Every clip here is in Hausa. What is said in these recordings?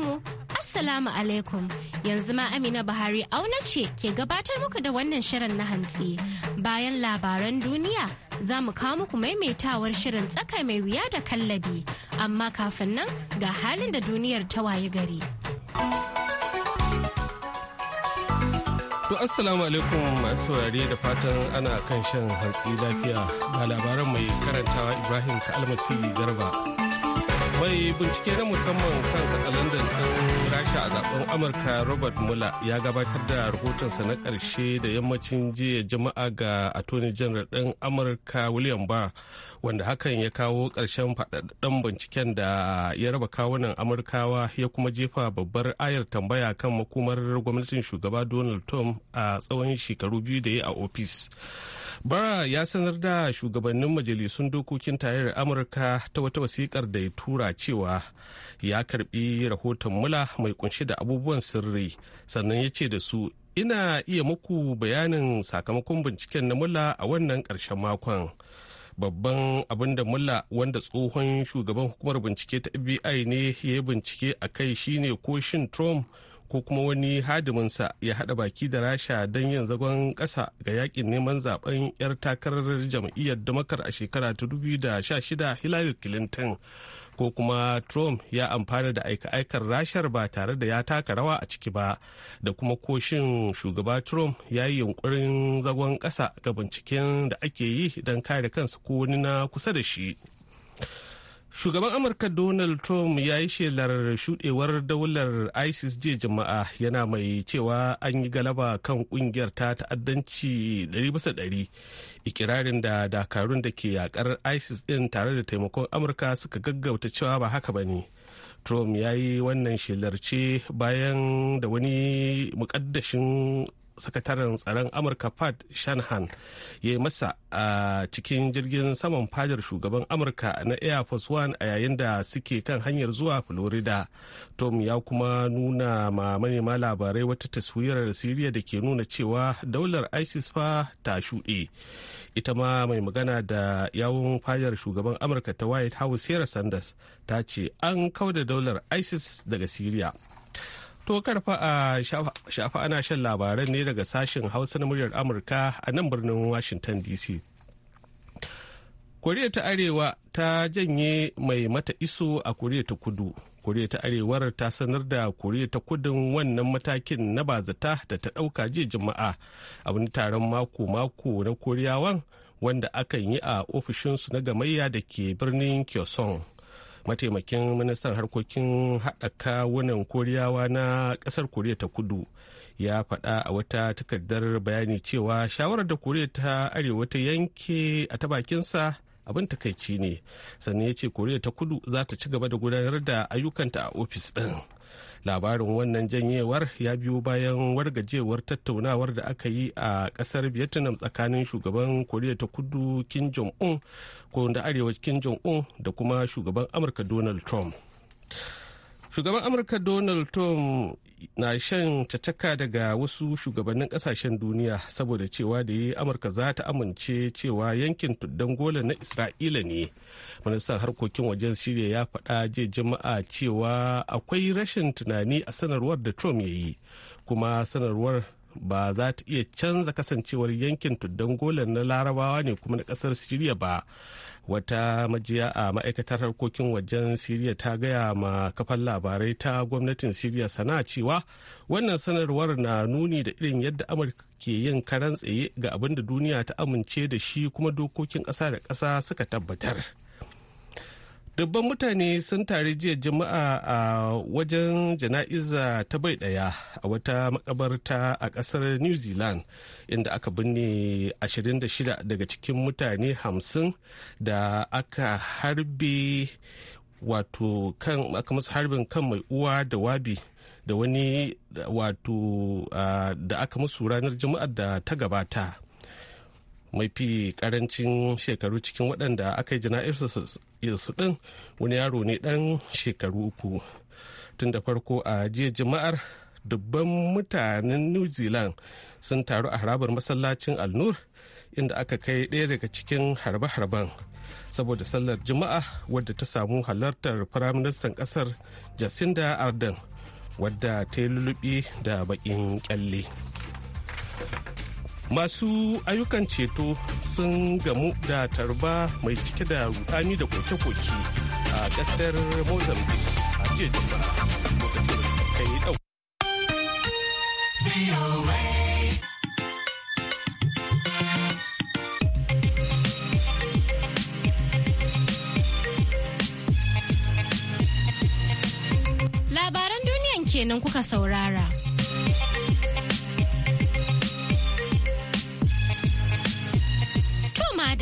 mu Assalamu alaikum yanzu ma Amina Buhari auna ce ke gabatar muku da wannan shirin na hantsi bayan labaran duniya za mu kawo muku maimaitawar shirin tsaka mai wuya da kallabi amma kafin nan ga halin da duniyar ta waye gari. To assalamu alaikum masu da fatan ana kan shan hantsi lafiya ga labaran mai karantawa Ibrahim Kalmasi Garba. mai bincike na musamman kan katsalandan ɗin rasha a zaben amurka robert muller ya gabatar da rahotonsa na karshe da yammacin jiya jama'a ga attorney general ɗin amurka william barr wanda hakan ya kawo ƙarshen faɗaɗɗen binciken da ya raba kawunan amurkawa ya kuma jefa babbar ayar tambaya kan makomar gwamnatin shugaba donald trump a tsawon shekaru biyu da ya a ofis bara ya sanar da shugabannin majalisun dokokin tarayyar amurka ta wata wasikar da ya tura cewa ya karbi rahoton mula mai kunshi da abubuwan sirri sannan ya ce da su ina iya muku bayanin sakamakon binciken na mula a wannan ƙarshen makon babban abin da mulla wanda tsohon shugaban hukumar bincike ta fbi ne ya bincike a kai shine ko shin trump ko kuma wani hadiminsa ya haɗa baki da rasha don yin zagon ƙasa ga yakin neman zaben 'yar takarar jam'iyyar damakar a shekara ta 2016 hillary clinton ko kuma trump ya amfana da aika-aikar rashar ba tare da ya taka rawa a ciki ba da kuma koshin shugaba trump ya yi yunkurin zagon ƙasa ga binciken da ake yi don kare kansa ko wani na kusa da shi. Shugaban Amurka Donald Trump ya yi shelar shudewar daular ISIS je jama'a yana mai cewa an yi galaba kan kungiyar ta ta'addanci 100% ikirarin da dakarun da ke yakar ISIS din tare da taimakon Amurka suka gaggauta cewa ba haka ba ne. Trump ya yi wannan shelar ce bayan da wani mukaddashin sakataren tsaron amurka pat shanahan ya yi masa a cikin jirgin saman fadar shugaban amurka na air force one a yayin da suke kan hanyar zuwa florida tom ya kuma nuna ma manema labarai wata taswirar siriya da ke nuna cewa daular isis fa ta shuɗe ita ma mai magana da yawun fadar shugaban amurka ta white house sarah sanders ta ce an kauda daular isis daga siriya To karfa a shafa ana shan labaran ne daga sashen Hausa na muryar Amurka a nan birnin Washington DC. Koriya ta Arewa ta janye mai mata iso a Koriya ta Kudu. Koriya ta Arewar ta sanar da Koriya ta Kudun wannan matakin na bazata da ta ɗauka jiya Juma'a a wani taron mako-mako na Koriyawan wanda akan yi a ofishinsu na gamayya da ke birnin Kyosong. mataimakin ministan harkokin haɗa kawunan koriyawa na ƙasar koriya ta kudu ya faɗa a wata takardar bayani cewa shawarar da koriya ta arewa ta yanke a ta bakinsa abin takaici ne sannan ya ce koriya ta kudu za ta ci gaba da gudanar da ayyukanta a ofis ɗin labarin wannan janyewar ya biyo bayan wargajewar tattaunawar da aka yi a kasar vietnam tsakanin shugaban koriya ta kudu kim jong-un ko da arewa kim jong-un da kuma shugaban amurka donald trump shugaban amurka donald trump na shan cataka daga wasu shugabannin kasashen duniya saboda cewa da yi amurka za ta amince cewa yankin tuddan gola na isra'ila ne ministan harkokin wajen siriya ya faɗa jiya jama'a cewa akwai rashin tunani a sanarwar da trump ya yi kuma sanarwar ba za ta iya canza kasancewar yankin tuddan gola na larabawa ne kuma na kasar siriya ba wata majiya a ma'aikatar harkokin wajen siriya ta gaya ma kafan labarai ta gwamnatin siriya sana'a cewa wannan sanarwar na nuni da irin yadda amurka ke yin karan tsaye ga abin da duniya ta amince da shi kuma dokokin ƙasa da ƙasa suka tabbatar dubban mutane sun tare jiya juma'a a wajen jana'iza ta bai daya a wata makabarta a kasar new zealand inda aka binne 26 daga cikin mutane 50 da aka harbe wato kan aka musu harbin kan mai uwa da wabi da wani wato da aka musu ranar juma'ar da ta gabata mafi karancin shekaru cikin waɗanda aka yi su ɗin wani yaro ne ɗan shekaru uku tun da farko a jiya jima'ar dubban mutanen new zealand sun taru a harabar masallacin alnur inda aka kai ɗaya daga cikin harbe-harben saboda sallar juma'a wadda ta samu halartar firaministan ƙasar jacinda ardern wadda ta yi lulluɓi da baƙin kyalle. masu ayyukan ceto sun gamu da tarba mai cike da rudani da koke-koke a kasar mozambique a jiya labaran duniyan kenan kuka saurara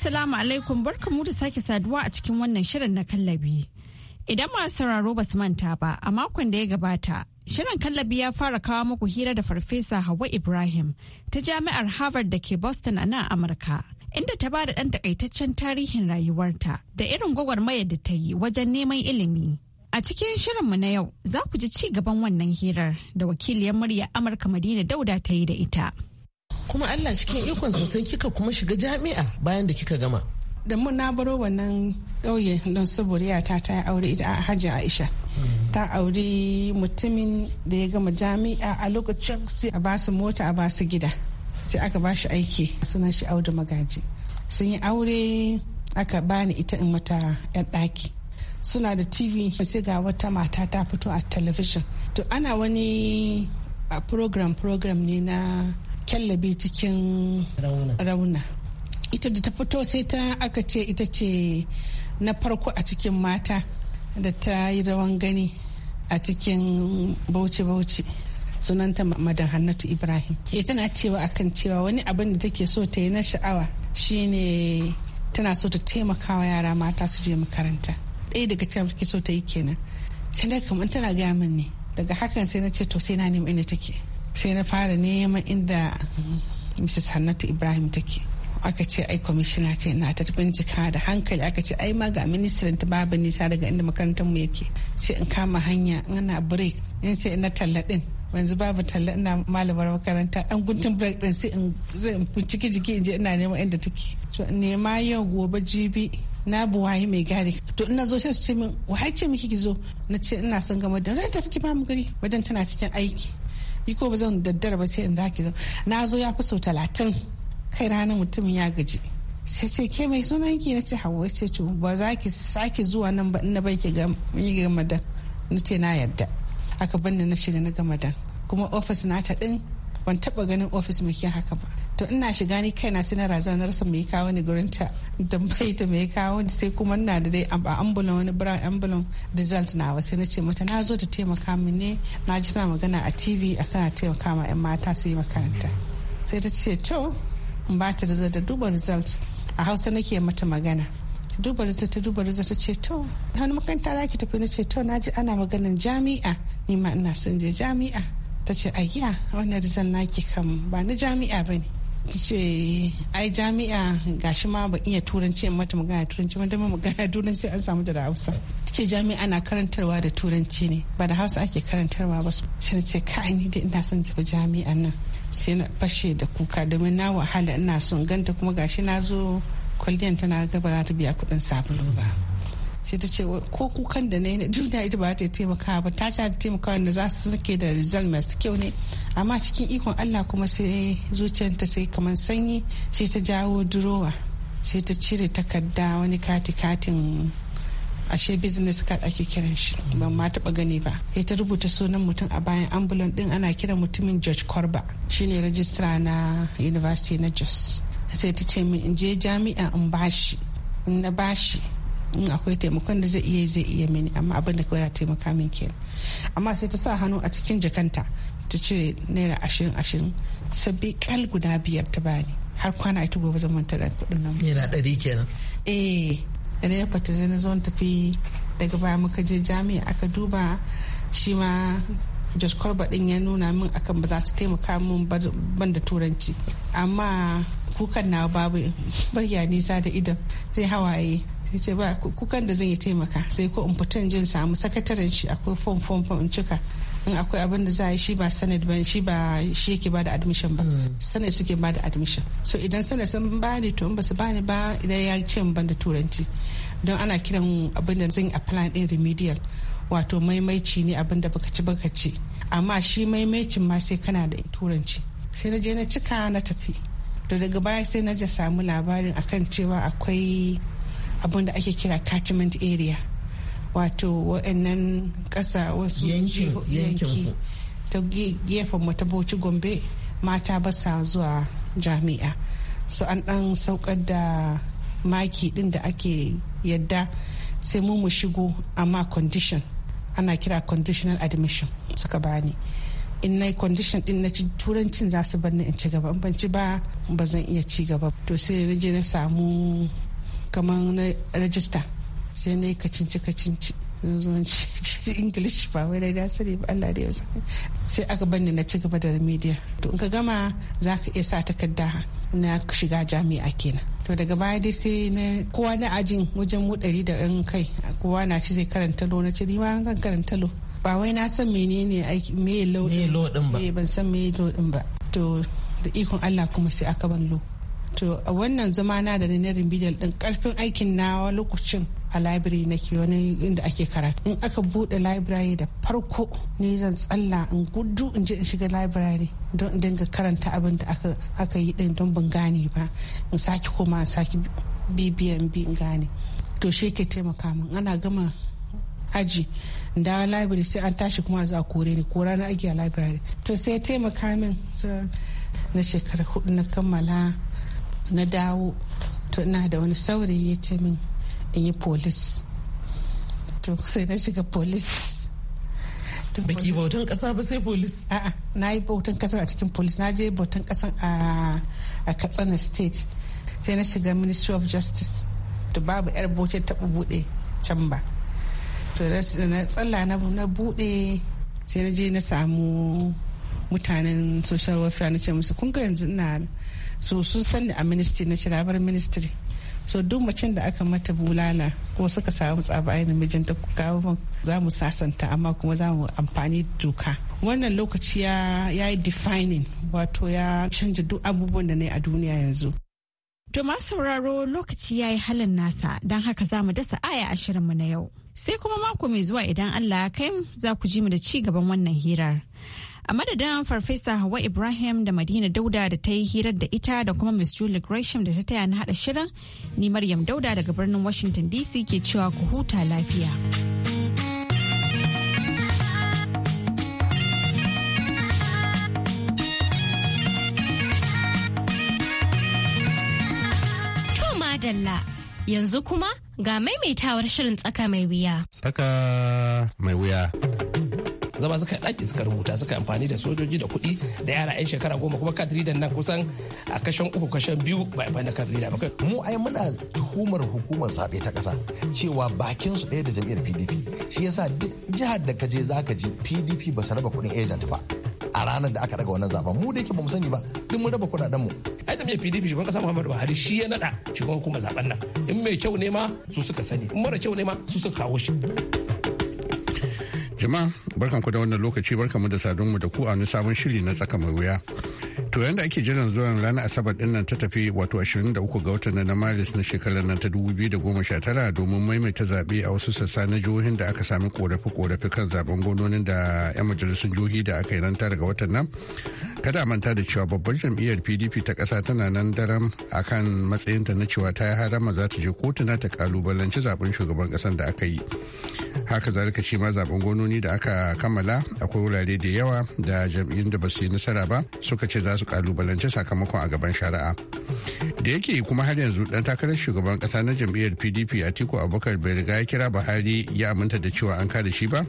Assalamu alaikum barkamu da sake saduwa a cikin wannan shirin na kallabi. Idan masu sauraro ba su manta ba a makon da ya gabata, shirin kallabi ya fara kawo muku hira da farfesa Hawa Ibrahim ta jami'ar Harvard da ke Boston a nan Amurka. Inda ta ba da ɗan takaitaccen tarihin rayuwarta da irin gwagwarmayar da ta yi wajen neman ilimi. A cikin shirinmu na yau za ku ji ci gaban wannan hirar da wakiliyar murya Amurka Madina Dauda ta yi da ita. kuma Allah cikin ikonsa sai kika kuma shiga jami'a bayan da kika gama da mun na baro wannan ƙauye don saboda ya ta ta aure ita a hajji aisha ta auri mutumin da ya gama jami'a a lokacin sai a ba su mota a ba su gida sai aka ba shi aiki suna shi audu magaji sun yi aure aka bani ita in mata yan ɗaki suna da tv sai ga wata mata ta fito a television to ana wani program program ne na kyallabe cikin rauna ita da ta fito sai ta aka ce ita ce na farko a cikin mata da ta yi rawan gani a cikin bauchi-bauchi sunanta madan hannatu ibrahim ya eh, tana cewa akan cewa wani abin da take so ta yi na sha'awa shine tana so ta taimaka wa yara mata su je makaranta ɗaya daga cewa take so ta yi kenan can daga kamar tana gaya min ne daga hakan sai na ce to sai na nemi inda take sai na fara neman inda mrs hannatu ibrahim take aka ce ai kwamishina ce na ta bincika da hankali aka ce ai ma ga ministan ta babu nisa daga inda makarantar mu yake sai in kama hanya ana break in sai na talla din yanzu babu talla ina malamar makaranta dan guntun break din sai in ciki jiki in je ina neman inda take to nema yau gobe jibi na buwaye mai gari to ina zo sai su ce min wahai ce miki ki zo na ce ina son gama da zai tafi ki ba mu gari wajen tana cikin aiki ni ko ba zan daddara ba sai in zaki zo na zo ya fi sau talatin kai ranar mutumin ya gaji sai ce ke mai sunan ki na ce hawa ce ce ba za ki sake zuwa nan ba na bai ki ga madan na ce na yadda aka banni na shiga na gamadan kuma ofis nata din ban taba ganin ofis mai kyan haka ba to ina shiga ni kaina sai na razanar sa mai kawo ni gurin ta bai ta mai kawo ni sai kuma ina da dai ambulan wani bra ambulan result na wasu na ce mata na zo ta taimaka min ne na ji na magana a tv akan a taimaka ma yan mata su yi makaranta sai ta ce to in ba ta da duba result a hausa nake mata magana duba da ta duba da ta ce to wani makaranta za ki tafi na ce to na ji ana maganin jami'a ni ma ina son je jami'a ta ce ayya wani rizal naki kam ba na jami'a ba ne ta ce ai jami'a gashi ma ba iya turanci in mata magana turanci wanda ma magana turanci an samu da hausa ta ce jami'a na karantarwa da turanci ne ba da hausa ake karantarwa ba sai na ce kai ni da ina son tafi jami'a nan sai na fashe da kuka domin na wahala ina son ganta kuma gashi na zo kwalliyan tana gaba za ta biya kuɗin sabulu ba. sai ta ce ko kukan da na yi na duniya ita ba ta taimaka ba ta ci taimaka wanda za su suke da result masu kyau ne amma cikin ikon allah kuma sai zuciyarta sai kamar sanyi sai ta jawo durowa sai ta cire takarda wani kati katin ashe business card ake kiran shi ban ma taba gani ba sai ta rubuta sunan mutum a bayan ambulan din ana kiran mutumin george corba shine registrar na university na jos sai ta ce min in je jami'a in bashi in na bashi in akwai taimakon da zai iya zai iya mini amma abin da kawai ya taimaka min kenan amma sai ta sa hannu a cikin jakanta ta cire naira ashirin ashirin sabbi kal guda biyar ta bani har kwana ita gobe zan manta da kudin nan yana ɗari kenan eh da na fata zai na zo tafi daga baya muka je jami'a aka duba shi ma jos korba din ya nuna min akan ba za su taimaka min ban da turanci amma kukan na babu bayya nisa da idan sai hawaye ya ce ba kukan da zan yi taimaka sai ko in fitan jin samu sakataren shi akwai fom fom fom in cika in akwai abin da za a yi shi ba sanad ba shi ba shi yake ba da admission ba mm. sanad suke ba da admission so idan sanad sun ba ni to in ba su ba ni ba idan ya ce ban da turanci don ana kiran abin da zan apply din remedial wato maimaici ne abin da baka ci baka ci amma shi maimaicin ma sai kana da turanci sai na je na cika na tafi to daga baya sai na ja samu labarin akan cewa akwai abin da ake kira catchment area wato wa'annan ƙasa wasu yanki ta gefen mu ta bauchi gombe mata ba sa zuwa jami'a so an dan saukar da maki din da ake yadda sai mu mu shigo amma condition ana kira conditional admission suka bani in na condition din na ci turancin za su bar ni in ci gaba ban ci ba ba zan iya ci gaba to sai na je na samu kamar na rajista sai na yi kacinci kacinci English ba wai dai sani ba Allah da yau sai aka bani na ci gaba da media to in ka gama za ka iya sa takarda na shiga jami'a kenan to daga baya dai sai na kowa na ajin wajen mu ɗari da ɗan kai kowa na ci zai karanta lo na ci ni ma kan karanta lo ba wai na san menene aiki me lo din ba eh, ban san me lo din ba to da ikon Allah kuma sai aka ban lo to a wannan zama na da na remedial din karfin aikin na lokacin a library na ke wani inda ake karatu in aka bude library da farko ne zan tsalla in gudu in je in shiga library don dinga karanta abin da aka yi din don ban gane ba in sake koma in sake bibiyan bi in gane to shi ke taimaka min ana gama aji da library sai an tashi kuma za a kore ni kora na aiki a library to sai taimaka min na shekara hudu na kammala na dawo to ina da wani saurayi ya ce min in yi polis to sai na shiga polis baki bautan kasa ba sai polis na yi bautan kasa a cikin polis na je bautan kasa a katsina state sai na shiga ministry of justice to babu yar bauta taɓa buɗe can ba to na tsalla na buɗe sai na je na samu mutanen social welfare na ce musu kun ga yanzu ina so sun san a ministry na shirabar ministry so duk macen da aka mata bulala ko suka samu tsaba ainihin mijinta ku kawo za mu sasanta amma kuma za mu amfani doka wannan lokaci ya yi defining wato ya canja duk abubuwan da na a duniya yanzu To sauraro lokaci ya yi halin nasa don haka za mu dasa aya mu na yau. Sai kuma mako mai zuwa idan Allah ya kai za ku ji mu da ci gaban wannan hirar. A madadin Farfesa Hawa Ibrahim da Madina Dauda da ta yi hirar da ita da kuma Miss Julie Gresham da ta taya na haɗa shirin, ni Maryam Dauda daga birnin Washington DC ke cewa ku huta lafiya. Dalla yanzu kuma ga maimaitawar shirin tsaka mai wuya. Tsaka mai wuya. zama suka ɗaki suka rubuta suka amfani da sojoji da kuɗi da yara 'yan shekara goma kuma da nan kusan a kashen uku kashen biyu ba a da kadrida ba mu ai muna tuhumar hukumar sabe ta kasa cewa bakin su ɗaya da jam'iyyar pdp shi yasa duk jihar da ka je za ka ji pdp ba su raba kuɗin agent ba a ranar da aka daga wannan zaben mu da yake ba mu sani ba duk mun raba kuɗaɗen mu ai da pdp shugaban kasa muhammadu buhari shi ya nada shugaban hukumar zaben nan in mai kyau ne ma su suka sani in mara kyau ne ma su suka kawo shi Jama'a barkanku da wannan lokaci barkanmu da sadunmu da ku a wani sabon shiri na tsaka mai wuya. To yadda ake jiran zuwan ranar Asabar din nan ta tafi wato 23 ga watan na Maris na shekarar nan ta 2019 domin maimaita zaɓe a wasu sassa na jihohin da aka sami korafe-korafe kan zaben gononin da 'yan majalisun jihohi da aka yi nan tara ga watan nan. kada manta da cewa babbar jam'iyyar pdp ta ƙasa tana nan daram kan matsayinta na cewa ta yi harama za ta je kotuna ta kalubalanci zaben shugaban ƙasar da aka yi haka zalika ce ma zaben gononi da aka kammala akwai wurare da yawa da jam'iyyun da ba su yi nasara ba suka ce za su kalubalanci sakamakon a gaban shari'a da yake kuma har yanzu dan takarar shugaban kasa na jam'iyyar pdp atiku abubakar bai riga ya kira buhari ya aminta da cewa an kada shi ba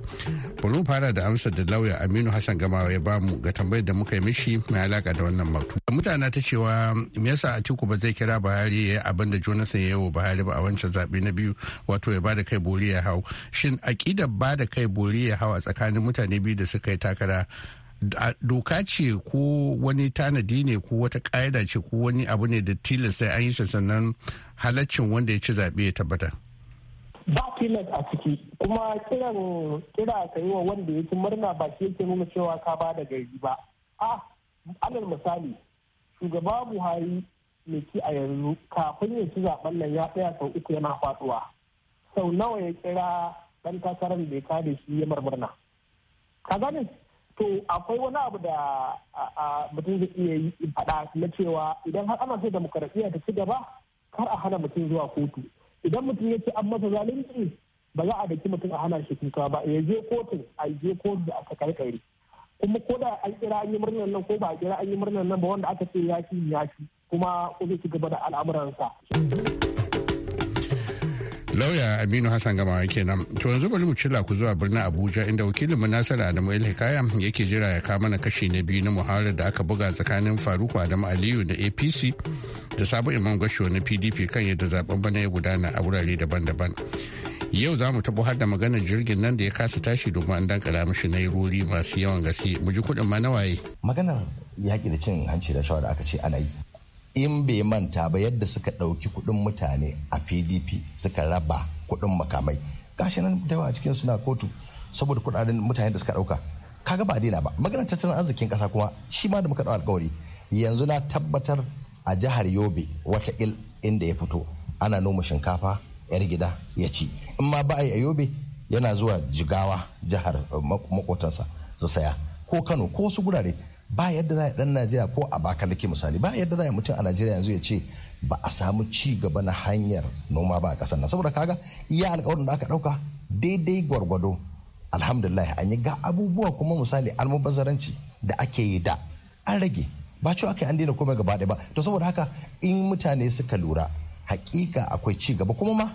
bari mu fara da amsar da lauya aminu hassan gamawa ya ba mu ga tambayar da muka yi mishi mai alaka da wannan matu mutane ta cewa me yasa atiku ba zai kira buhari ya yi abin da jonathan ya yi wa buhari ba a wancan zaɓe na biyu wato ya bada kai bori ya hau shin aƙidar bada kai bori ya hau a tsakanin mutane biyu da suka yi takara doka ce ko wani tanadi ne ko wata ƙa'ida ce ko wani abu ne da tilasta an yi shi sannan halaccin wanda ya ci zaɓe ya tabbata. ba tilas a ciki kuma kiran kira ka yi wa wanda ya ci murna ba shi yake nuna cewa ka ba da gari ba a alal misali shugaba buhari mai ci a yanzu kafin ya ci zaɓen nan ya tsaya sau uku yana faduwa sau nawa ya kira dan takarar da ya kada shi ya marmurna ka gane to akwai wani abu da mutum zai iya yi faɗa na cewa idan har ana sai demokaradiyya ta ci gaba kar a hana mutum zuwa kotu idan mutum ya ce an masa zalunci ba za a daki mutum a hana shi kuka ba ya je kotu a je kotu da aka karkare kuma ko da an kira an yi murnar nan ko ba a kira an yi murnar nan ba wanda aka ce ya ci ya shi kuma ko zai ci gaba da al'amuransa. lauya aminu hassan gamawa kenan to yanzu bari mu cilla ku zuwa birnin abuja inda wakilinmu nasara adamu El ilhikaya yake jira ya kama na kashi na biyu na muhawarar da aka buga tsakanin faruku adamu aliyu da apc da sabo imam gasho na pdp kan yadda zaben bana ya gudana a wurare daban-daban yau za mu taɓo har da maganar jirgin nan da ya kasa tashi domin an dankara mishi na rori masu yawan gaske mu ji kuɗin ma nawaye maganar yaƙi da cin hanci da shawara aka ce ana yi in bai manta ba yadda suka ɗauki kuɗin mutane a pdp suka raba kuɗin makamai gashi nan da yawa a cikin suna kotu saboda kuɗaɗen mutane da suka ɗauka kaga ba daina ba maganar tattalin arzikin ƙasa kuma shi ma da muka ɗau alƙawari yanzu na tabbatar a jihar yobe wata il inda ya fito ana noma shinkafa yar gida ya ci in ma ba a a yobe yana zuwa jigawa jihar eh, makotansa su saya ko kano ko wasu gurare ba yadda za a dan najeriya ko a baka bakalake misali ba yadda za a mutum a najeriya yanzu ya ce ba a samu ci gaba na hanyar noma ba a kasar nan saboda kaga iya alkawarin da aka dauka daidai gwargwado alhamdulillah an yi ga abubuwa kuma misali almubazzaranci da ake yi da an rage ba cewa aka yi an daina komai gaba ɗaya ba to saboda haka in mutane suka lura hakika akwai ci gaba kuma ma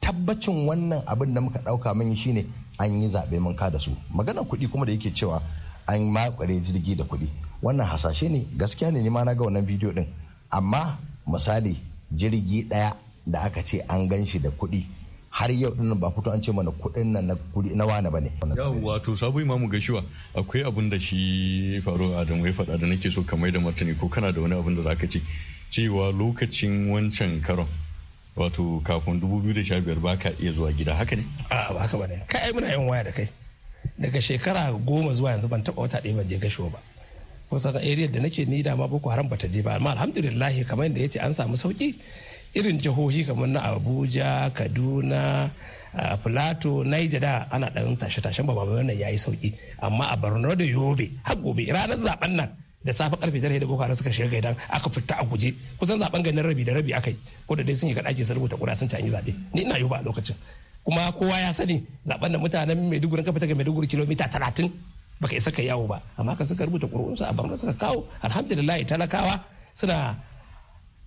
tabbacin wannan abin da muka dauka mun shine an yi zaɓe mun da su maganar kuɗi kuma da yake cewa an makware jirgi da kuɗi wannan hasashe ne gaskiya ne ma na ga wannan bidiyo din amma misali jirgi ɗaya da aka ce an gan shi da kuɗi har yau din ba fito an ce mana kuɗin nan na kuɗi na wani bane wato sabu imamu gashiwa akwai abin da shi faru adamu ya faɗa da nake so ka mai da martani ko kana da wani abin da zaka ce cewa lokacin wancan karon wato kafin 2015 ba iya zuwa gida haka ne a ba haka bane kai muna yin waya da kai daga shekara goma zuwa yanzu ban taba wata ɗaya ban je gasho ba kusa ga area da nake ni dama boko haram bata je ba amma alhamdulillah kamar yadda yace an samu sauki irin jihohi kamar na abuja kaduna Plateau Niger da ana dan tashe-tashen ba wannan ya sauki amma a borno da yobe har gobe ranar zaben nan da safe karfe tare da boko suka shiga gaidan aka fita a guje kusan zaben ganin rabi da rabi akai ko da dai sun yi ga ɗakin sun rubuta kuɗa sun ci an yi zaɓe ni ina yoba a lokacin kuma kowa ya sani zaben da mutanen maiduguri ka fita ga maiduguri kilomita talatin baka isa ka yawo ba amma ka suka rubuta kur'unsu a barna suka kawo alhamdulillah talakawa suna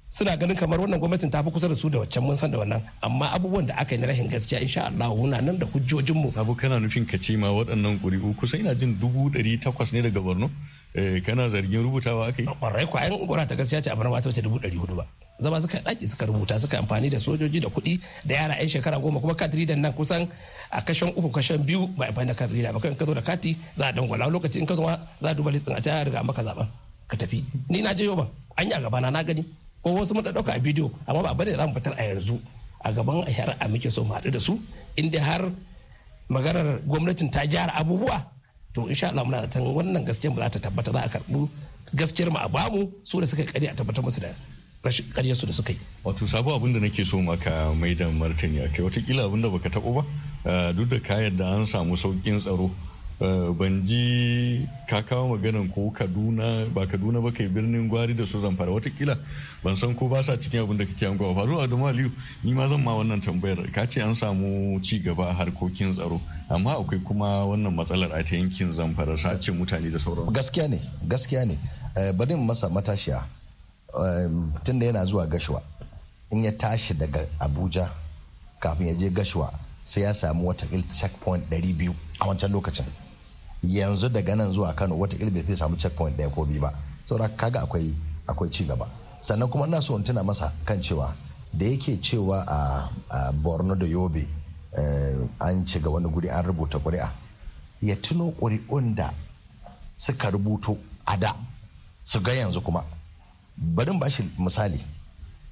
suna ganin kamar wannan gwamnatin ta fi kusa da su da waccan mun san da wannan amma abubuwan da aka yi na rahin gaskiya insha Allah wuna nan da hujjojin mu Abu kana nufin ka ce ma waɗannan ƙuri'u kusan ina jin dubu ɗari takwas ne daga Borno eh, kana zargin rubutawa aka yi ƙwarai kwayan ƙura ta gaskiya ce a barna ba ta wuce dubu ɗari hudu ba zama suka daki suka rubuta suka amfani da sojoji da kuɗi da yara yan shekara goma kuma da nan kusan a kashen uku kashen biyu ba a da kadrida ba kan ka zo da kati za a dangwala in ka zo za a duba listin a ta riga maka zaben ka tafi ni na je yoba an yi a gaba na gani ko wasu mun ɗauka a bidiyo amma ba bane za mu fitar a yanzu a gaban a shara muke so mu haɗu da su inda har maganar gwamnatin ta gyara abubuwa to insha Allah muna wannan gaskiyar ba za ta tabbata za a karɓu gaskiyar mu a bamu su da suka kare a tabbatar musu da karyarsu da suka yi. Wato sabo abin da nake so maka mai da martani a kai watakila abin da baka taɓo ba eh, duk da kayan da an samu saukin tsaro eh, ban ji ka kawo maganan ko kaduna ba kaduna ba kai birnin gwari da su zamfara watakila ban san ko ba sa cikin abin da kake an gwa faruwa da maliyu aliyu ni ma zan ma wannan tambayar ka ce an samu ci gaba a harkokin tsaro amma akwai kuma wannan matsalar a ta yankin zamfara sace mutane da sauran gaskiya ne gaskiya ne eh, bari masa matashiya tunda yana zuwa gashuwa in ya tashi daga abuja kafin ya je gashuwa sai ya samu watakil checkpoint 200 a wancan lokacin yanzu daga nan zuwa kano wata watakil bai fi samu checkpoint ɗaya ko biyu ba saboda kaga akwai akwai ci gaba sannan kuma ina so in tuna masa kan cewa da yake cewa a borno da yobe an ci ga wani guri an rubuta ƙuri'a ya tuno ƙuri'un da suka rubuto a da su ga yanzu kuma bari ba shi misali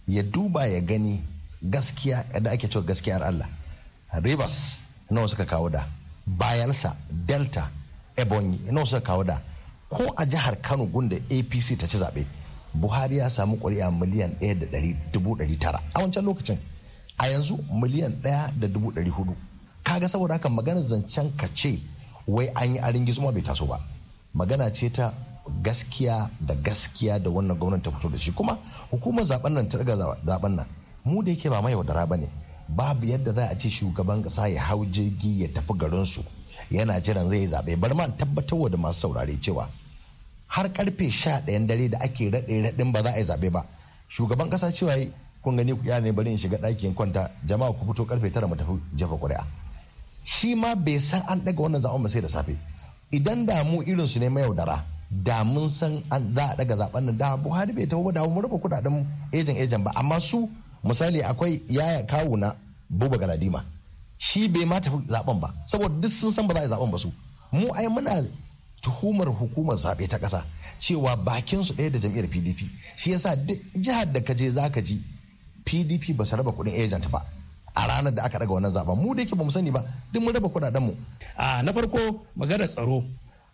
ya duba ya gani gaskiya yadda ake cewa gaskiyar Allah rivers nawa suka kawo da bayelsa delta ebonyi nawa suka kawo da ko a jihar kano gunda apc ta ci zaɓe buhari ya samu ƙuri'a miliyan ɗaya da dubu a wancan lokacin a yanzu miliyan ɗaya da dubu ɗari hudu kaga saboda haka maganar zancen ka ce wai an yi arin gizuma bai taso ba magana ce ta gaskiya da gaskiya da wannan gwamnati ta fito da shi kuma hukumar zaben nan ta riga zaben nan mu da yake ba mai yaudara ba ne babu yadda za a ce shugaban kasa ya hau jirgi ya tafi garinsu yana jiran zai zabe bar ma tabbatarwa da masu saurare cewa har karfe sha dare da ake raɗe raɗin ba za a yi zaɓe ba shugaban kasa cewa kun gani ya ne bari in shiga ɗakin kwanta jama'a ku fito karfe tara mu tafi jefa ƙuri'a shi ma bai san an daga wannan zaɓen ba sai da safe idan da damu su ne mayaudara da mun san za a daga zaben nan da buhari bai taho da mu rufe kudaden ejen ejen ba amma su misali akwai yaya kawu na buba galadima shi bai ma tafi zaben ba saboda duk sun san ba za a zaben ba su mu ai muna tuhumar hukumar zaɓe ta kasa. cewa bakin su ɗaya da jam'iyyar pdp shi yasa duk jihar da ka je za ka ji pdp ba su raba kuɗin agent ba a ranar da aka daga wannan zaben mu da yake ba mu sani ba duk mun raba kuɗaɗen mu a na farko maganar tsaro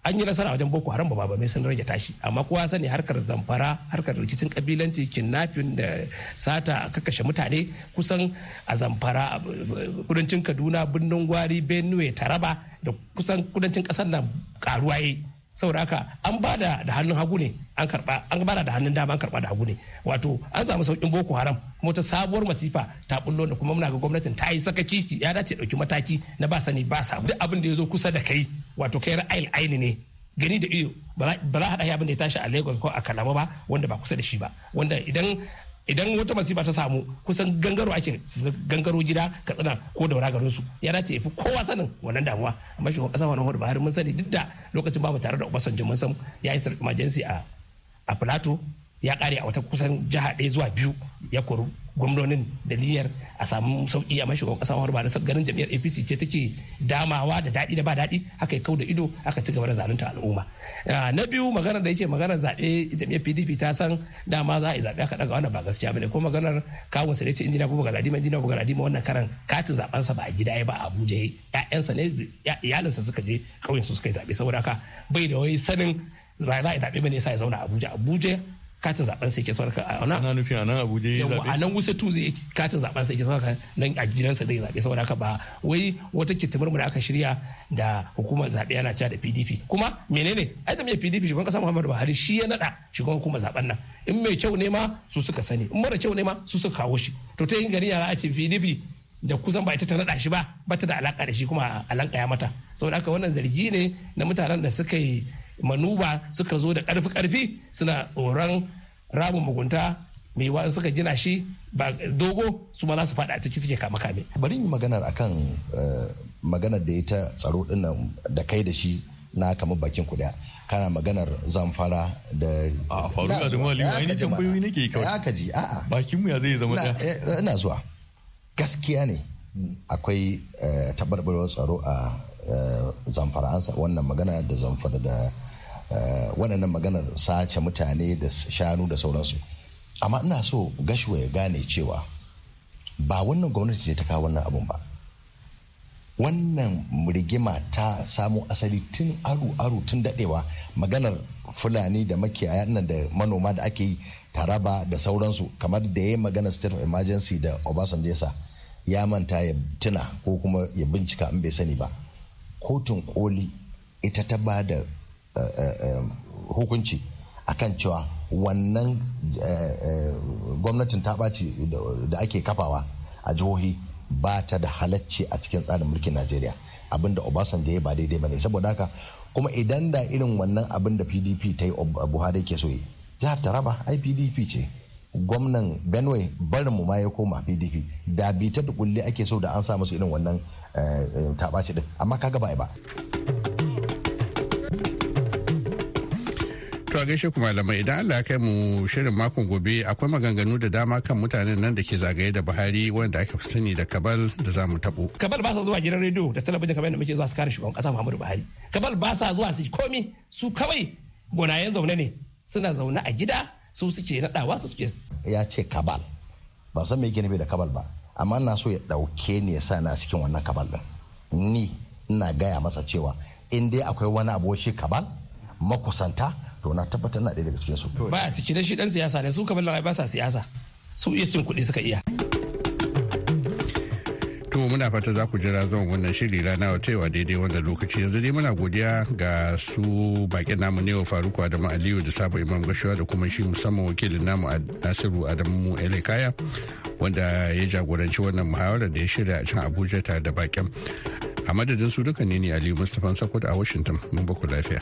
an yi nasara wajen boko haram ba ba mai sun rage tashi amma kowa sani harkar zamfara harkar rikicin kabilanci kidnapping da sata a kakashe mutane kusan a zamfara kudancin kaduna birnin gwari benue taraba da kusan kudancin kasar na karuwa saboda haka an ba da hannun hagu ne an karba an ba da hannun dama an karba da hagu ne wato an samu saukin boko haram kuma ta sabuwar masifa ta bullo da kuma muna ga gwamnatin ta yi sakaci ya dace dauki mataki na ba sani ba sa duk abin da ya zo kusa da kai wato kai ra'ayin aini ne gani da iyo ba za a haɗa abin da ya tashi a lagos ko a kalama ba wanda ba kusa da shi ba wanda idan idan wata masifa ta samu kusan gangaro ake gangaro gida katsina ko daura garin su ya dace fi kowa sanin wannan damuwa amma shugaban kasa hudu bahari mun sani duk da lokacin babu tare da Obasanjo mun san ya yi majensi a a Plateau ya kare a wata kusan jiha ɗaya zuwa biyu ya kori gwamnonin da liyar a samu sauƙi a mashigon kasa wani ba da ganin jam'iyyar apc ce take damawa da daɗi da ba daɗi haka yi kau da ido aka ci gaba da zalunta al'umma ah, na biyu maganar da yake maganar zaɓe jam'iyyar pdp ta san dama za a yi zaɓe aka ɗaga wannan ba gaskiya bane ko maganar kawun sa ne ce injina buga galadima injina buga ma wannan karan katin zaben sa ba a gida ya ba a abuja ya ƴaƴansa ne iyalinsa suka je ƙauyen su suka yi zaɓe saboda haka bai da wai sanin ba za a yi zaɓe bane sa ya zauna abuja abuja katin zaben sai ke sauraka a nan ana nufi a nan Abuja ya zabe a nan Wuse tu zai katin zaben sai ke sauraka nan a gidansa zai zabe saboda haka ba wai wata kitimar mu da aka shirya da hukumar zabe yana cewa da PDP kuma menene ai da PDP shugaban kasa Muhammadu Buhari shi ya nada shugaban hukumar zaben nan in mai kyau ne ma su suka sani in mara kyau ne ma su suka kawo shi to ta yin gari yara a ce PDP da kusan ba ita ta naɗa shi ba ba ta da alaka da shi kuma a ya mata saboda haka wannan zargi ne na mutanen da suka yi manuba suka zo da karfi karfi suna tsoron rabin mugunta mai wa suka gina shi ba dogo su ma su fada a ciki suke kama kame bari yi maganar akan eh, maganar da ya ta tsaro dinnan da kai da shi na kamar bakin kuda kana maganar zamfara da a faru da mali ai ni tambayoyi nake kawai aka ji a'a bakin mu ya zai zama ɗaya eh, ina zuwa gaskiya ne akwai eh, tabarbarwar tsaro a zamfara ansa wannan magana da zamfara da Eh, waɗannan maganar sace mutane da shanu da sauransu amma ina so gashuwa ya gane cewa ba wannan gwamnati ce ta kawo wannan abun ba wannan rigima ta samo asali tun aru-aru tun dadewa maganar fulani da makiyaya nan da manoma da ake yi taraba da sauransu kamar da ya yi maganar state of emergency da obasan jesa ya manta ya tuna ko kuma ya bincika in bai sani ba kotun koli ita ta ba da hukunci a kan cewa wannan eh, eh, gwamnatin ta ɓaci da ake kafawa a jihohi ba ta da halacci a cikin tsarin mulkin najeriya abinda obasanjo ya ba daidai ba ne saboda haka kuma idan da irin wannan abin da pdp ta yi buhari ke so yi jihar taraba pdp ce gwamnan benue barin mu ma ya koma pdp da bi ta da ake so da an sa musu irin wannan eh, taɓaci din amma kaga ba ba To a gaishe kuma malamai idan Allah ya kai mu shirin makon gobe akwai maganganu da dama kan mutanen nan da ke zagaye da Buhari wanda aka fi sani da Kabal da zamu tabo. Kabal ba sa zuwa gidan rediyo da talabijin kamar yadda muke zuwa su kare shugaban kasa Muhammadu Buhari. Kabal ba sa zuwa su komi su kawai gonayen zaune ne suna zaune a gida su suke nadawa su suke. Ya ce Kabal ba san me yake nufi da Kabal ba amma na so ya dauke ni ya sa na cikin wannan Kabal din. Ni ina gaya masa cewa in dai akwai wani abu shi Kabal makusanta to na tabbatar na ɗaya daga cikin su. ba a ciki shi dan siyasa ne su kamar lagai ba sa siyasa su iya cin kuɗi suka iya. to muna fata za ku jira zuwa wannan shiri rana wa daidai wanda lokaci yanzu dai muna godiya ga su bakin namu ne wa faruku adamu aliyu da sabo imam gashuwa da kuma shi musamman wakilin namu nasiru adamu elekaya wanda ya jagoranci wannan muhawarar da ya shirya a can abuja tare da bakin a madadin su duka ne ne aliyu mustapha sakwad a washington mun baku lafiya